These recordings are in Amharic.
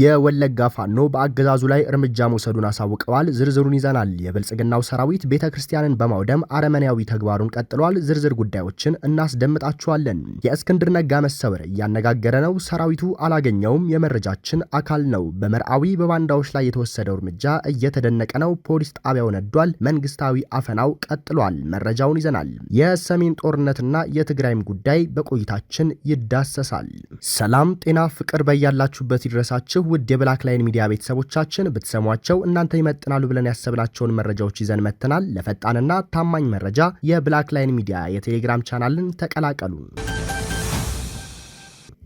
የወለጋ ፋኖ በአገዛዙ ላይ እርምጃ መውሰዱን አሳውቀዋል። ዝርዝሩን ይዘናል። የብልጽግናው ሰራዊት ቤተ ክርስቲያንን በማውደም አረመኔያዊ ተግባሩን ቀጥሏል። ዝርዝር ጉዳዮችን እናስደምጣችኋለን። የእስክንድር ነጋ መሰወር እያነጋገረ ነው። ሰራዊቱ አላገኘውም፣ የመረጃችን አካል ነው። በመርአዊ በባንዳዎች ላይ የተወሰደው እርምጃ እየተደነቀ ነው። ፖሊስ ጣቢያው ነዷል። መንግስታዊ አፈናው ቀጥሏል። መረጃውን ይዘናል። የሰሜን ጦርነትና የትግራይም ጉዳይ በቆይታችን ይዳሰሳል። ሰላም፣ ጤና፣ ፍቅር በያላችሁበት ይድረሳችሁ። ይዛችሁ ውድ የብላክ ላይን ሚዲያ ቤተሰቦቻችን ብትሰሟቸው እናንተ ይመጥናሉ ብለን ያሰብናቸውን መረጃዎች ይዘን መጥተናል። ለፈጣንና ታማኝ መረጃ የብላክ ላይን ሚዲያ የቴሌግራም ቻናልን ተቀላቀሉ።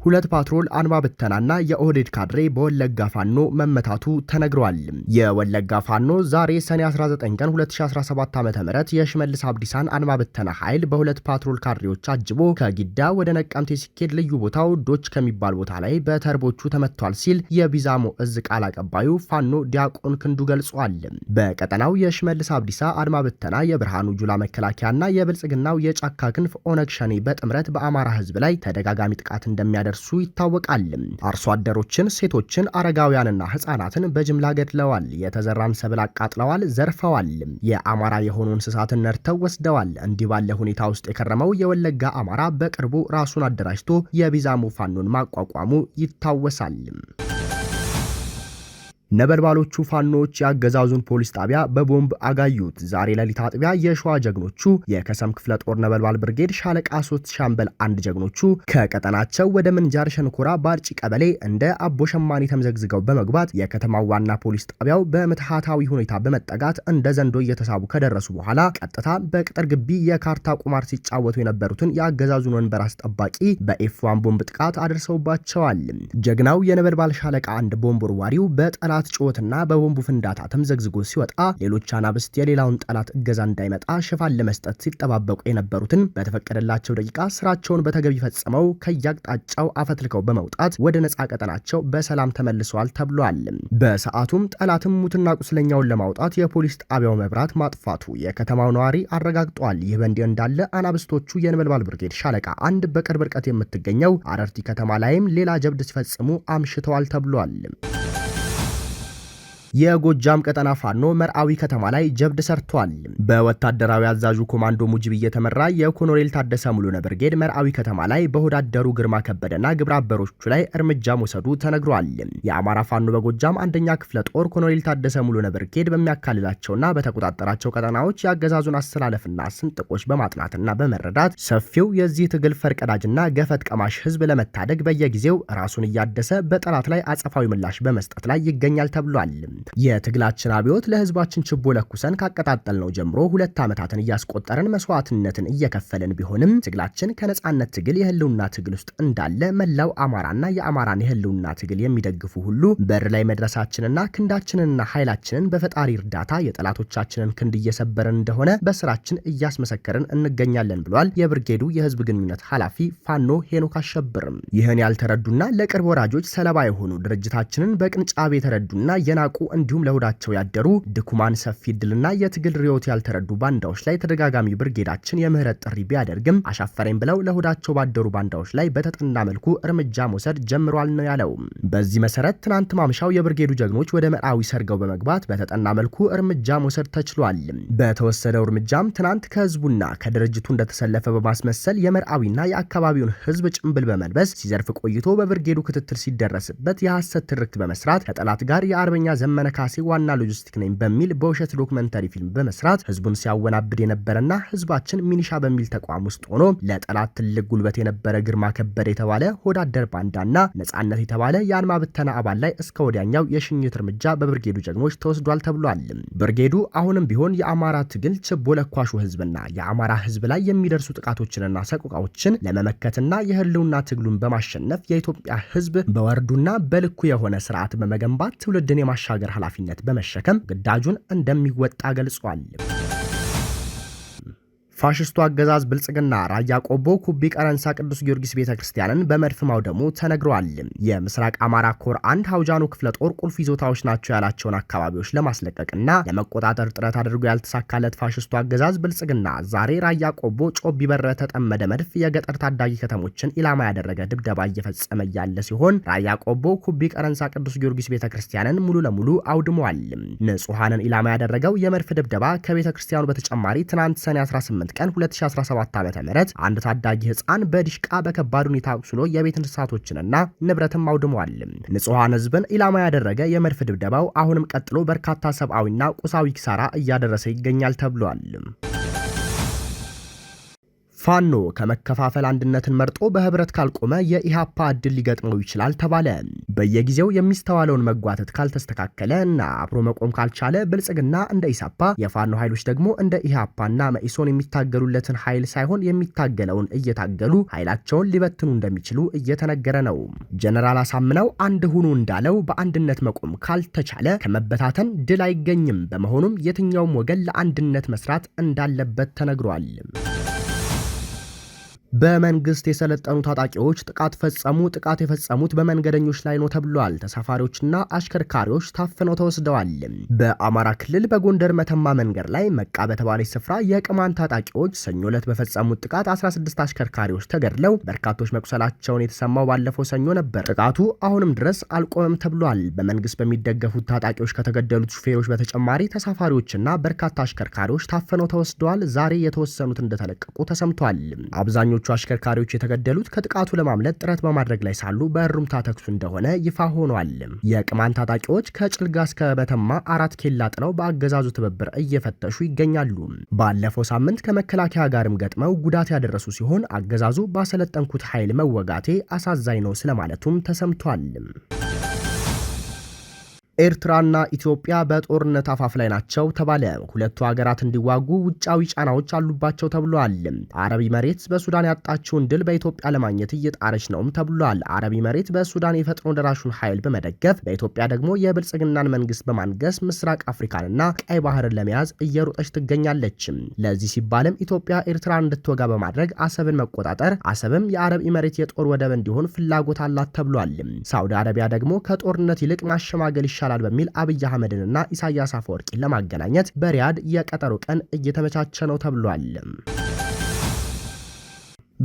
ሁለት ፓትሮል አንባ ብተናና የኦህዴድ ካድሬ በወለጋ ፋኖ መመታቱ ተነግሯል። የወለጋ ፋኖ ዛሬ ሰኔ 19 ቀን 2017 ዓ ም የሽመልስ አብዲሳን አንባ ብተና ኃይል በሁለት ፓትሮል ካድሬዎች አጅቦ ከጊዳ ወደ ነቀምቴ ሲኬድ ልዩ ቦታው ዶች ከሚባል ቦታ ላይ በተርቦቹ ተመቷል ሲል የቢዛሞ እዝ ቃል አቀባዩ ፋኖ ዲያቆን ክንዱ ገልጿል። በቀጠናው የሽመልስ አብዲሳ አድማ ብተና የብርሃኑ ጁላ መከላከያና የብልጽግናው የጫካ ክንፍ ኦነግ ሸኔ በጥምረት በአማራ ህዝብ ላይ ተደጋጋሚ ጥቃት እንደሚያደርስ እንደሚደርሱ ይታወቃል። አርሶ አደሮችን፣ ሴቶችን፣ አረጋውያንና ህጻናትን በጅምላ ገድለዋል። የተዘራን ሰብል አቃጥለዋል፣ ዘርፈዋል። የአማራ የሆኑ እንስሳትን ነድተው ወስደዋል። እንዲህ ባለ ሁኔታ ውስጥ የከረመው የወለጋ አማራ በቅርቡ ራሱን አደራጅቶ የቢዛሙ ፋኖን ማቋቋሙ ይታወሳል። ነበልባሎቹ ፋኖች የአገዛዙን ፖሊስ ጣቢያ በቦምብ አጋዩት። ዛሬ ሌሊት አጥቢያ የሸዋ ጀግኖቹ የከሰም ክፍለ ጦር ነበልባል ብርጌድ ሻለቃ ሶስት ሻምበል አንድ ጀግኖቹ ከቀጠናቸው ወደ ምንጃር ሸንኮራ ባርጭ ቀበሌ እንደ አቦ ሸማኔ ተምዘግዝገው በመግባት የከተማው ዋና ፖሊስ ጣቢያው በምትሃታዊ ሁኔታ በመጠጋት እንደ ዘንዶ እየተሳቡ ከደረሱ በኋላ ቀጥታ በቅጥር ግቢ የካርታ ቁማር ሲጫወቱ የነበሩትን የአገዛዙን ወንበር አስጠባቂ በኤፍ ዋን ቦምብ ጥቃት አድርሰውባቸዋል። ጀግናው የነበልባል ሻለቃ አንድ ቦምብ ወርዋሪው በጠላ የጠላት ጩኸትና በቦምቡ ፍንዳታ ተምዘግዝጎ ሲወጣ ሌሎች አናብስት የሌላውን ጠላት እገዛ እንዳይመጣ ሽፋን ለመስጠት ሲጠባበቁ የነበሩትን በተፈቀደላቸው ደቂቃ ስራቸውን በተገቢ ፈጽመው ከያቅጣጫው አፈትልከው በመውጣት ወደ ነጻ ቀጠናቸው በሰላም ተመልሰዋል ተብሏል። በሰዓቱም ጠላትም ሙትና ቁስለኛውን ለማውጣት የፖሊስ ጣቢያው መብራት ማጥፋቱ የከተማው ነዋሪ አረጋግጧል። ይህ በእንዲህ እንዳለ አናብስቶቹ የነበልባል ብርጌድ ሻለቃ አንድ በቅርብ ርቀት የምትገኘው አረርቲ ከተማ ላይም ሌላ ጀብድ ሲፈጽሙ አምሽተዋል ተብሏል። የጎጃም ቀጠና ፋኖ መርአዊ ከተማ ላይ ጀብድ ሰርቷል። በወታደራዊ አዛዡ ኮማንዶ ሙጅብ እየተመራ የኮኖሬል ታደሰ ሙሉነ ብርጌድ መርአዊ ከተማ ላይ በሆድ አደሩ ግርማ ከበደና ግብረ አበሮቹ ላይ እርምጃ መውሰዱ ተነግሯል። የአማራ ፋኖ በጎጃም አንደኛ ክፍለ ጦር ኮኖሬል ታደሰ ሙሉነ ብርጌድ በሚያካልላቸውና በተቆጣጠራቸው ቀጠናዎች የአገዛዙን አሰላለፍና ስንጥቆች በማጥናትና በመረዳት ሰፊው የዚህ ትግል ፈርቀዳጅና ገፈት ቀማሽ ህዝብ ለመታደግ በየጊዜው ራሱን እያደሰ በጠላት ላይ አጸፋዊ ምላሽ በመስጠት ላይ ይገኛል ተብሏል። የትግላችን አብዮት ለህዝባችን ችቦ ለኩሰን ካቀጣጠል ነው ጀምሮ ሁለት ዓመታትን እያስቆጠረን መስዋዕትነትን እየከፈልን ቢሆንም ትግላችን ከነጻነት ትግል የህልውና ትግል ውስጥ እንዳለ መላው አማራና የአማራን የህልውና ትግል የሚደግፉ ሁሉ በር ላይ መድረሳችንና ክንዳችንንና ኃይላችንን በፈጣሪ እርዳታ የጠላቶቻችንን ክንድ እየሰበርን እንደሆነ በስራችን እያስመሰከርን እንገኛለን ብሏል የብርጌዱ የህዝብ ግንኙነት ኃላፊ ፋኖ ሄኖክ አሸብርም። ይህን ያልተረዱና ለቅርብ ወራጆች ሰለባ የሆኑ ድርጅታችንን በቅንጫብ የተረዱና የናቁ እንዲሁም ለሆዳቸው ያደሩ ድኩማን ሰፊ እድልና የትግል ርዮት ያልተረዱ ባንዳዎች ላይ ተደጋጋሚ ብርጌዳችን የምህረት ጥሪ ቢያደርግም አሻፈረኝ ብለው ለሆዳቸው ባደሩ ባንዳዎች ላይ በተጠና መልኩ እርምጃ መውሰድ ጀምሯል ነው ያለው። በዚህ መሰረት ትናንት ማምሻው የብርጌዱ ጀግኖች ወደ መርአዊ ሰርገው በመግባት በተጠና መልኩ እርምጃ መውሰድ ተችሏል። በተወሰደው እርምጃም ትናንት ከህዝቡና ከድርጅቱ እንደተሰለፈ በማስመሰል የመርአዊና የአካባቢውን ህዝብ ጭንብል በመልበስ ሲዘርፍ ቆይቶ በብርጌዱ ክትትል ሲደረስበት የሐሰት ትርክት በመስራት ከጠላት ጋር የአርበኛ ዘመ ዘመነ ካሴ ዋና ሎጂስቲክ ነኝ በሚል በውሸት ዶክመንተሪ ፊልም በመስራት ህዝቡን ሲያወናብድ የነበረና ህዝባችን ሚኒሻ በሚል ተቋም ውስጥ ሆኖ ለጠላት ትልቅ ጉልበት የነበረ ግርማ ከበደ የተባለ ሆዳደር ባንዳና ነጻነት የተባለ የአድማ ብተና አባል ላይ እስከ ወዲያኛው የሽኝት እርምጃ በብርጌዱ ጀግኖች ተወስዷል ተብሏል። ብርጌዱ አሁንም ቢሆን የአማራ ትግል ችቦ ለኳሹ ህዝብና የአማራ ህዝብ ላይ የሚደርሱ ጥቃቶችንና ሰቆቃዎችን ለመመከትና የህልውና ትግሉን በማሸነፍ የኢትዮጵያ ህዝብ በወርዱና በልኩ የሆነ ስርዓት በመገንባት ትውልድን የማሻገር ኃላፊነት በመሸከም ግዳጁን እንደሚወጣ ገልጿል። ፋሽስቱ አገዛዝ ብልጽግና ራያ ቆቦ ኩቢ ቀረንሳ ቅዱስ ጊዮርጊስ ቤተ ክርስቲያንን በመድፍ ማውደሙ ተነግረዋል። የምስራቅ አማራ ኮር አንድ ሀውጃኑ ክፍለ ጦር ቁልፍ ይዞታዎች ናቸው ያላቸውን አካባቢዎች ለማስለቀቅና ለመቆጣጠር ጥረት አድርጎ ያልተሳካለት ፋሽስቱ አገዛዝ ብልጽግና ዛሬ ራያ ቆቦ ጮቢ በረ ተጠመደ መድፍ የገጠር ታዳጊ ከተሞችን ኢላማ ያደረገ ድብደባ እየፈጸመ ያለ ሲሆን ራያ ቆቦ ኩቢ ቀረንሳ ቅዱስ ጊዮርጊስ ቤተ ክርስቲያንን ሙሉ ለሙሉ አውድመዋል። ንጹሐንን ኢላማ ያደረገው የመድፍ ድብደባ ከቤተ ክርስቲያኑ በተጨማሪ ትናንት ሰኔ 18 18 ቀን 2017 ዓ ም አንድ ታዳጊ ህፃን በዲሽቃ በከባድ ሁኔታ አቁስሎ የቤት እንስሳቶችንና ንብረትም አውድመዋል። ንጹሐን ህዝብን ኢላማ ያደረገ የመድፍ ድብደባው አሁንም ቀጥሎ በርካታ ሰብአዊና ቁሳዊ ኪሳራ እያደረሰ ይገኛል ተብሏል። ፋኖ ከመከፋፈል አንድነትን መርጦ በህብረት ካልቆመ የኢሃፓ እድል ሊገጥመው ይችላል ተባለ። በየጊዜው የሚስተዋለውን መጓተት ካልተስተካከለ እና አብሮ መቆም ካልቻለ ብልጽግና እንደ ኢሳፓ፣ የፋኖ ኃይሎች ደግሞ እንደ ኢሃፓና መኢሶን የሚታገሉለትን ኃይል ሳይሆን የሚታገለውን እየታገሉ ኃይላቸውን ሊበትኑ እንደሚችሉ እየተነገረ ነው። ጀነራል አሳምነው አንድ ሁኑ እንዳለው በአንድነት መቆም ካልተቻለ ከመበታተን ድል አይገኝም። በመሆኑም የትኛውም ወገን ለአንድነት መስራት እንዳለበት ተነግሯል። በመንግስት የሰለጠኑ ታጣቂዎች ጥቃት ፈጸሙ። ጥቃት የፈጸሙት በመንገደኞች ላይ ነው ተብሏል። ተሳፋሪዎችና አሽከርካሪዎች ታፍነው ተወስደዋል። በአማራ ክልል በጎንደር መተማ መንገድ ላይ መቃ በተባለች ስፍራ የቅማን ታጣቂዎች ሰኞ ዕለት በፈጸሙት ጥቃት 16 አሽከርካሪዎች ተገድለው በርካቶች መቁሰላቸውን የተሰማው ባለፈው ሰኞ ነበር። ጥቃቱ አሁንም ድረስ አልቆመም ተብሏል። በመንግስት በሚደገፉት ታጣቂዎች ከተገደሉት ሹፌሮች በተጨማሪ ተሳፋሪዎችና በርካታ አሽከርካሪዎች ታፍነው ተወስደዋል። ዛሬ የተወሰኑት እንደተለቀቁ ተሰምቷል። አብዛኞቹ ሌሎቹ አሽከርካሪዎች የተገደሉት ከጥቃቱ ለማምለጥ ጥረት በማድረግ ላይ ሳሉ በእሩምታ ተኩሱ እንደሆነ ይፋ ሆኗል። የቅማን ታጣቂዎች ከጭልጋ እስከ በተማ አራት ኬላ ጥለው በአገዛዙ ትብብር እየፈተሹ ይገኛሉ። ባለፈው ሳምንት ከመከላከያ ጋርም ገጥመው ጉዳት ያደረሱ ሲሆን አገዛዙ ባሰለጠንኩት ኃይል መወጋቴ አሳዛኝ ነው ስለማለቱም ተሰምቷል። ኤርትራና ኢትዮጵያ በጦርነት አፋፍ ላይ ናቸው ተባለ። ሁለቱ ሀገራት እንዲዋጉ ውጫዊ ጫናዎች አሉባቸው ተብሏል። አረቢ መሬት በሱዳን ያጣችውን ድል በኢትዮጵያ ለማግኘት እየጣረች ነውም ተብሏል። አረቢ መሬት በሱዳን የፈጥኖ ደራሹን ኃይል በመደገፍ በኢትዮጵያ ደግሞ የብልጽግናን መንግስት በማንገስ ምስራቅ አፍሪካንና ቀይ ባህርን ለመያዝ እየሮጠች ትገኛለች። ለዚህ ሲባልም ኢትዮጵያ ኤርትራን እንድትወጋ በማድረግ አሰብን መቆጣጠር፣ አሰብም የአረብ መሬት የጦር ወደብ እንዲሆን ፍላጎት አላት ተብሏል። ሳውዲ አረቢያ ደግሞ ከጦርነት ይልቅ ማሸማገል ይሻል ይሻላል በሚል አብይ አህመድንና ኢሳያስ አፈወርቂን ለማገናኘት በሪያድ የቀጠሮ ቀን እየተመቻቸ ነው ተብሏል።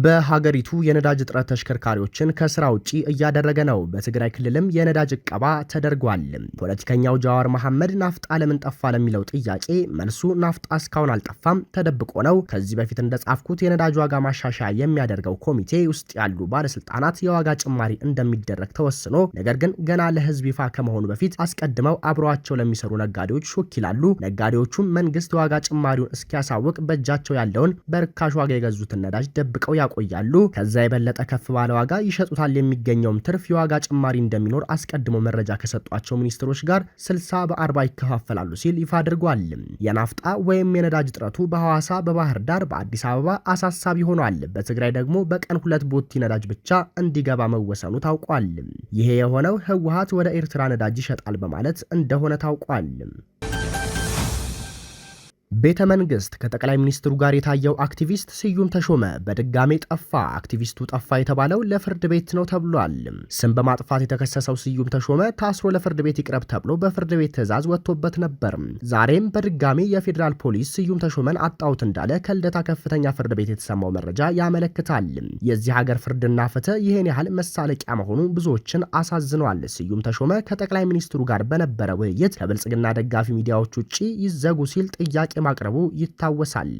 በሀገሪቱ የነዳጅ እጥረት ተሽከርካሪዎችን ከስራ ውጪ እያደረገ ነው። በትግራይ ክልልም የነዳጅ እቀባ ተደርጓል። ፖለቲከኛው ጃዋር መሐመድ ናፍጣ ለምን ጠፋ ለሚለው ጥያቄ መልሱ ናፍጣ እስካሁን አልጠፋም፣ ተደብቆ ነው። ከዚህ በፊት እንደጻፍኩት የነዳጅ ዋጋ ማሻሻያ የሚያደርገው ኮሚቴ ውስጥ ያሉ ባለስልጣናት የዋጋ ጭማሪ እንደሚደረግ ተወስኖ፣ ነገር ግን ገና ለህዝብ ይፋ ከመሆኑ በፊት አስቀድመው አብረዋቸው ለሚሰሩ ነጋዴዎች ሹክ ይላሉ። ነጋዴዎቹም መንግስት የዋጋ ጭማሪውን እስኪያሳውቅ በእጃቸው ያለውን በርካሽ ዋጋ የገዙትን ነዳጅ ደብቀው ያቆያሉ። ከዛ የበለጠ ከፍ ባለ ዋጋ ይሸጡታል። የሚገኘውም ትርፍ የዋጋ ጭማሪ እንደሚኖር አስቀድሞ መረጃ ከሰጧቸው ሚኒስትሮች ጋር 60 በ40 ይከፋፈላሉ ሲል ይፋ አድርጓል። የናፍጣ ወይም የነዳጅ እጥረቱ በሐዋሳ፣ በባህር ዳር፣ በአዲስ አበባ አሳሳቢ ሆኗል። በትግራይ ደግሞ በቀን ሁለት ቦቲ ነዳጅ ብቻ እንዲገባ መወሰኑ ታውቋል። ይሄ የሆነው ህወሀት ወደ ኤርትራ ነዳጅ ይሸጣል በማለት እንደሆነ ታውቋል። ቤተ መንግስት ከጠቅላይ ሚኒስትሩ ጋር የታየው አክቲቪስት ስዩም ተሾመ በድጋሜ ጠፋ። አክቲቪስቱ ጠፋ የተባለው ለፍርድ ቤት ነው ተብሏል። ስም በማጥፋት የተከሰሰው ስዩም ተሾመ ታስሮ ለፍርድ ቤት ይቅረብ ተብሎ በፍርድ ቤት ትዕዛዝ ወጥቶበት ነበር። ዛሬም በድጋሜ የፌዴራል ፖሊስ ስዩም ተሾመን አጣሁት እንዳለ ከልደታ ከፍተኛ ፍርድ ቤት የተሰማው መረጃ ያመለክታል። የዚህ ሀገር ፍርድና ፍትህ ይህን ያህል መሳለቂያ መሆኑ ብዙዎችን አሳዝኗል። ስዩም ተሾመ ከጠቅላይ ሚኒስትሩ ጋር በነበረ ውይይት ከብልጽግና ደጋፊ ሚዲያዎች ውጭ ይዘጉ ሲል ጥያቄ ማቅረቡ ይታወሳል።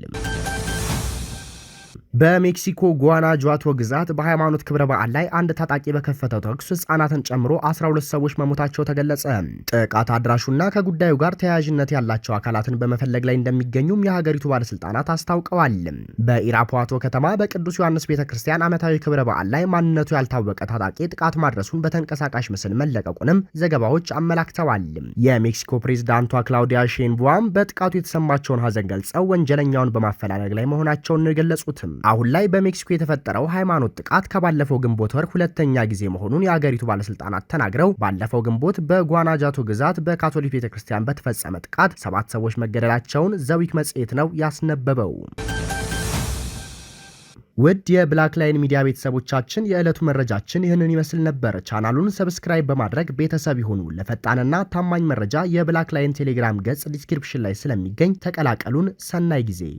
በሜክሲኮ ጓናጁዋቶ ግዛት በሃይማኖት ክብረ በዓል ላይ አንድ ታጣቂ በከፈተው ተኩስ ህጻናትን ጨምሮ 12 ሰዎች መሞታቸው ተገለጸ። ጥቃት አድራሹና ከጉዳዩ ጋር ተያያዥነት ያላቸው አካላትን በመፈለግ ላይ እንደሚገኙም የሀገሪቱ ባለስልጣናት አስታውቀዋል። በኢራፖዋቶ ከተማ በቅዱስ ዮሐንስ ቤተ ክርስቲያን ዓመታዊ ክብረ በዓል ላይ ማንነቱ ያልታወቀ ታጣቂ ጥቃት ማድረሱን በተንቀሳቃሽ ምስል መለቀቁንም ዘገባዎች አመላክተዋል። የሜክሲኮ ፕሬዝዳንቷ ክላውዲያ ሼንቧም በጥቃቱ የተሰማቸውን ሀዘን ገልጸው ወንጀለኛውን በማፈላለግ ላይ መሆናቸውን ገለጹትም። አሁን ላይ በሜክሲኮ የተፈጠረው ሃይማኖት ጥቃት ከባለፈው ግንቦት ወር ሁለተኛ ጊዜ መሆኑን የአገሪቱ ባለስልጣናት ተናግረው ባለፈው ግንቦት በጓናጃቶ ግዛት በካቶሊክ ቤተክርስቲያን በተፈጸመ ጥቃት ሰባት ሰዎች መገደላቸውን ዘዊክ መጽሔት ነው ያስነበበው። ውድ የብላክ ላይን ሚዲያ ቤተሰቦቻችን የዕለቱ መረጃችን ይህንን ይመስል ነበር። ቻናሉን ሰብስክራይብ በማድረግ ቤተሰብ ይሁኑ። ለፈጣንና ታማኝ መረጃ የብላክ ላይን ቴሌግራም ገጽ ዲስክሪፕሽን ላይ ስለሚገኝ ተቀላቀሉን። ሰናይ ጊዜ